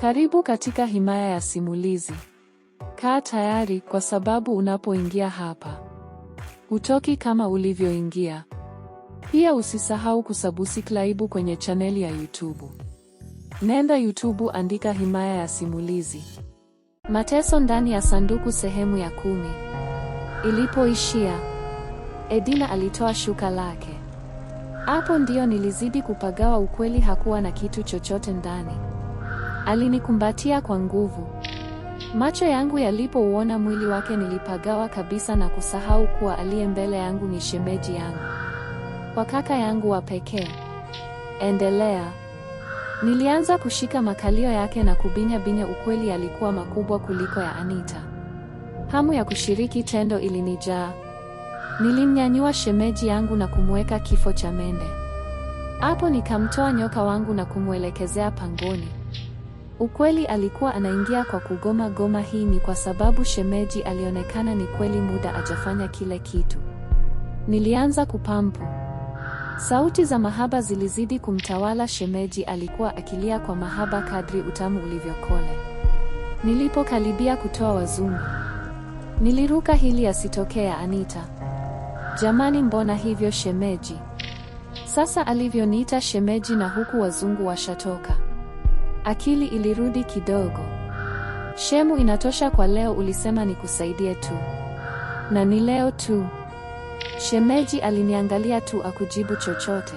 Karibu katika himaya ya simulizi. Kaa tayari kwa sababu unapoingia hapa hutoki kama ulivyoingia. Pia usisahau kusabusiklaibu kwenye chaneli ya YouTube. Nenda YouTube, andika himaya ya simulizi. Mateso ndani ya sanduku sehemu ya kumi. Ilipoishia, Edina alitoa shuka lake. Hapo ndio nilizidi kupagawa, ukweli hakuwa na kitu chochote ndani. Alinikumbatia kwa nguvu. Macho yangu yalipouona mwili wake nilipagawa kabisa na kusahau kuwa aliye mbele yangu ni shemeji yangu. Kwa kaka yangu wa pekee. Endelea. Nilianza kushika makalio yake na kubinya-binya. Ukweli yalikuwa makubwa kuliko ya Anita. Hamu ya kushiriki tendo ilinijaa. Nilimnyanyua shemeji yangu na kumweka kifo cha mende. Hapo nikamtoa nyoka wangu na kumwelekezea pangoni. Ukweli alikuwa anaingia kwa kugoma goma. Hii ni kwa sababu shemeji alionekana ni kweli muda ajafanya kile kitu. Nilianza kupampu. Sauti za mahaba zilizidi kumtawala shemeji, alikuwa akilia kwa mahaba kadri utamu ulivyokole. Nilipokaribia kutoa wazungu, niliruka hili asitokea Anita. Jamani, mbona hivyo shemeji? Sasa alivyoniita shemeji na huku wazungu washatoka. Akili ilirudi kidogo. Shemu inatosha kwa leo, ulisema nikusaidie tu, na ni leo tu. Shemeji aliniangalia tu, akujibu chochote.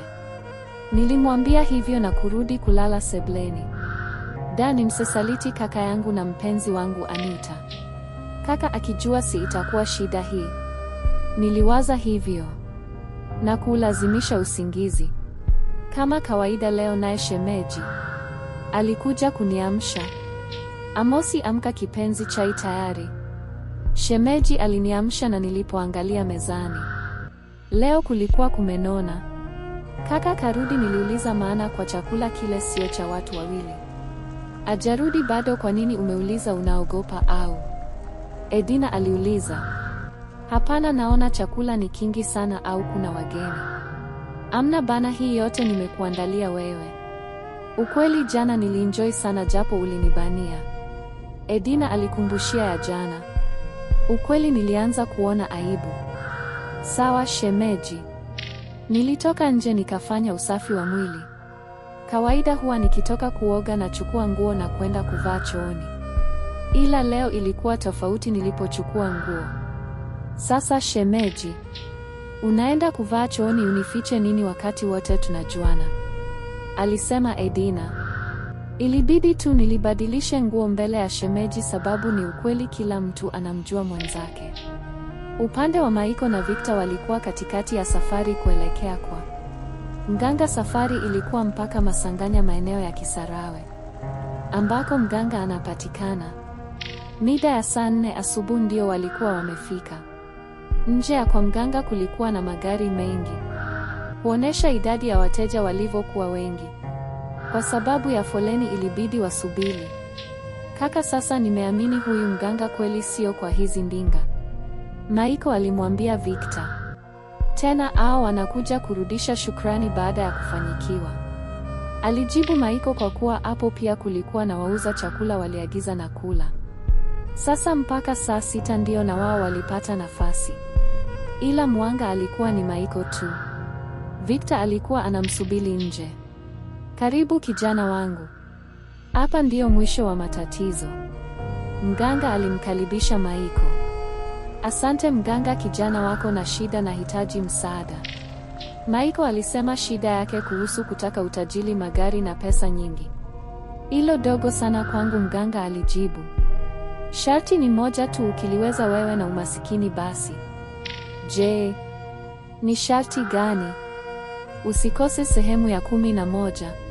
Nilimwambia hivyo na kurudi kulala sebleni. Dani, msesaliti kaka yangu na mpenzi wangu Anita. Kaka akijua si itakuwa shida hii. Niliwaza hivyo na kulazimisha usingizi. Kama kawaida leo naye shemeji Alikuja kuniamsha. Amosi, amka kipenzi, chai tayari. Shemeji aliniamsha na nilipoangalia mezani, leo kulikuwa kumenona. Kaka karudi, niliuliza maana kwa chakula kile sio cha watu wawili. Ajarudi bado, kwa nini umeuliza? Unaogopa au? Edina aliuliza. Hapana, naona chakula ni kingi sana, au kuna wageni? Amna bana, hii yote nimekuandalia wewe. Ukweli jana nilienjoy sana japo ulinibania. Edina alikumbushia ya jana. Ukweli nilianza kuona aibu. Sawa shemeji. Nilitoka nje nikafanya usafi wa mwili. Kawaida huwa nikitoka kuoga nachukua nguo na kwenda kuvaa chooni. Ila leo ilikuwa tofauti nilipochukua nguo. Sasa shemeji, unaenda kuvaa chooni unifiche nini wakati wote tunajuana? alisema Edina. Ilibidi tu nilibadilishe nguo mbele ya shemeji, sababu ni ukweli, kila mtu anamjua mwenzake. Upande wa Maiko na Victor walikuwa katikati ya safari kuelekea kwa mganga. Safari ilikuwa mpaka Masanganya, maeneo ya Kisarawe ambako mganga anapatikana. Mida ya saa nne asubuhi ndio walikuwa wamefika. Nje ya kwa mganga kulikuwa na magari mengi huonesha idadi ya wateja walivyokuwa wengi. Kwa sababu ya foleni ilibidi wasubiri. Kaka, sasa nimeamini huyu mganga kweli, sio kwa hizi ndinga, Maiko alimwambia Victor. Tena hao wanakuja kurudisha shukrani baada ya kufanyikiwa, alijibu Maiko, kwa kuwa hapo pia kulikuwa na wauza chakula waliagiza na kula. Sasa mpaka saa sita ndio na wao walipata nafasi, ila mwanga alikuwa ni Maiko tu. Victor alikuwa anamsubiri nje. Karibu kijana wangu. Hapa ndiyo mwisho wa matatizo. Mganga alimkaribisha Maiko. Asante mganga, kijana wako na shida, nahitaji msaada. Maiko alisema shida yake kuhusu kutaka utajili, magari na pesa nyingi. Hilo dogo sana kwangu, mganga alijibu. Sharti ni moja tu, ukiliweza wewe na umasikini basi. Je, ni sharti gani? Usikose sehemu ya kumi na moja.